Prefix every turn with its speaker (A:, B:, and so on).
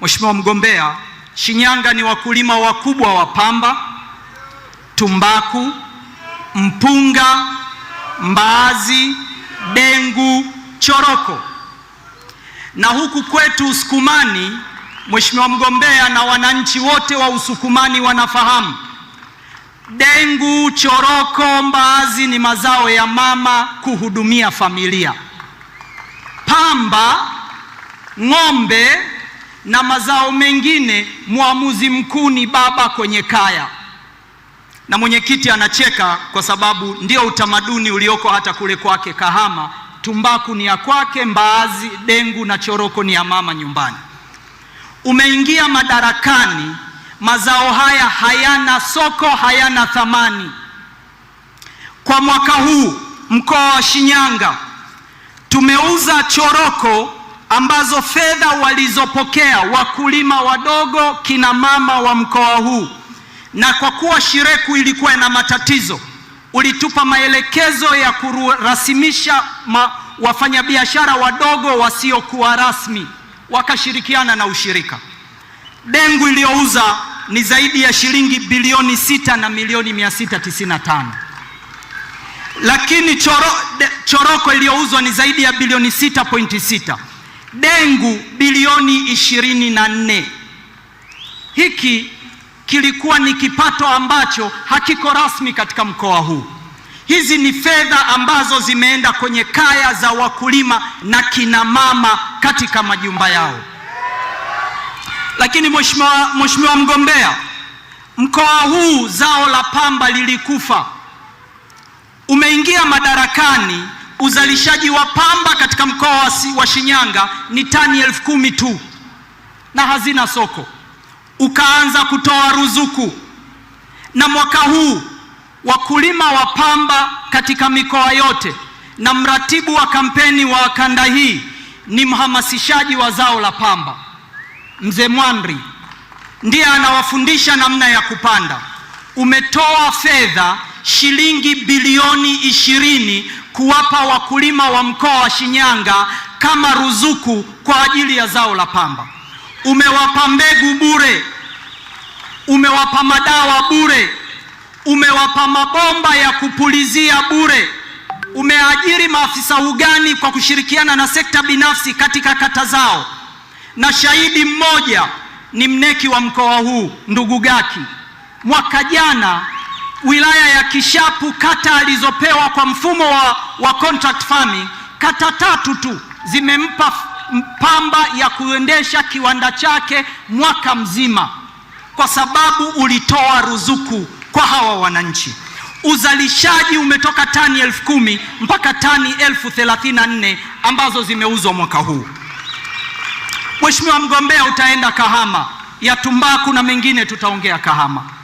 A: Mheshimiwa mgombea, Shinyanga ni wakulima wakubwa wa pamba, tumbaku, mpunga, mbaazi, dengu, choroko na huku kwetu Usukumani, Mheshimiwa mgombea, na wananchi wote wa Usukumani wanafahamu dengu, choroko, mbaazi ni mazao ya mama kuhudumia familia. Pamba, ng'ombe na mazao mengine, mwamuzi mkuu ni baba kwenye kaya. Na mwenyekiti anacheka kwa sababu ndio utamaduni ulioko hata kule kwake Kahama. Tumbaku ni ya kwake, mbaazi, dengu na choroko ni ya mama nyumbani. Umeingia madarakani, mazao haya hayana soko, hayana thamani. Kwa mwaka huu mkoa wa Shinyanga tumeuza choroko ambazo fedha walizopokea wakulima wadogo, kina mama wa mkoa huu, na kwa kuwa Shireku ilikuwa na matatizo, ulitupa maelekezo ya kurasimisha ma, wafanyabiashara wadogo wasiokuwa rasmi, wakashirikiana na ushirika. Dengu iliyouza ni zaidi ya shilingi bilioni sita na milioni 695 lakini choro, de, choroko iliyouzwa ni zaidi ya bilioni 6.6 dengu bilioni 24. Hiki kilikuwa ni kipato ambacho hakiko rasmi katika mkoa huu. Hizi ni fedha ambazo zimeenda kwenye kaya za wakulima na kina mama katika majumba yao. Lakini mheshimiwa, mheshimiwa mgombea, mkoa huu zao la pamba lilikufa. Umeingia madarakani uzalishaji wa pamba katika mkoa wa Shinyanga ni tani elfu kumi tu na hazina soko. Ukaanza kutoa ruzuku, na mwaka huu wakulima wa pamba katika mikoa yote, na mratibu wa kampeni wa kanda hii ni mhamasishaji wa zao la pamba, mzee Mwandri ndiye anawafundisha namna ya kupanda. Umetoa fedha shilingi bilioni ishirini kuwapa wakulima wa mkoa wa Shinyanga kama ruzuku kwa ajili ya zao la pamba. Umewapa mbegu bure, umewapa madawa bure, umewapa mabomba ya kupulizia bure, umeajiri maafisa ugani kwa kushirikiana na sekta binafsi katika kata zao, na shahidi mmoja ni mneki wa mkoa huu ndugu Gaki mwaka jana wilaya ya Kishapu, kata alizopewa kwa mfumo wa, wa contract farming, kata tatu tu zimempa pamba ya kuendesha kiwanda chake mwaka mzima, kwa sababu ulitoa ruzuku kwa hawa wananchi. Uzalishaji umetoka tani elfu kumi mpaka tani elfu thelathini na nne ambazo zimeuzwa mwaka huu. Mheshimiwa mgombea, utaenda Kahama ya tumbaku na mengine tutaongea Kahama.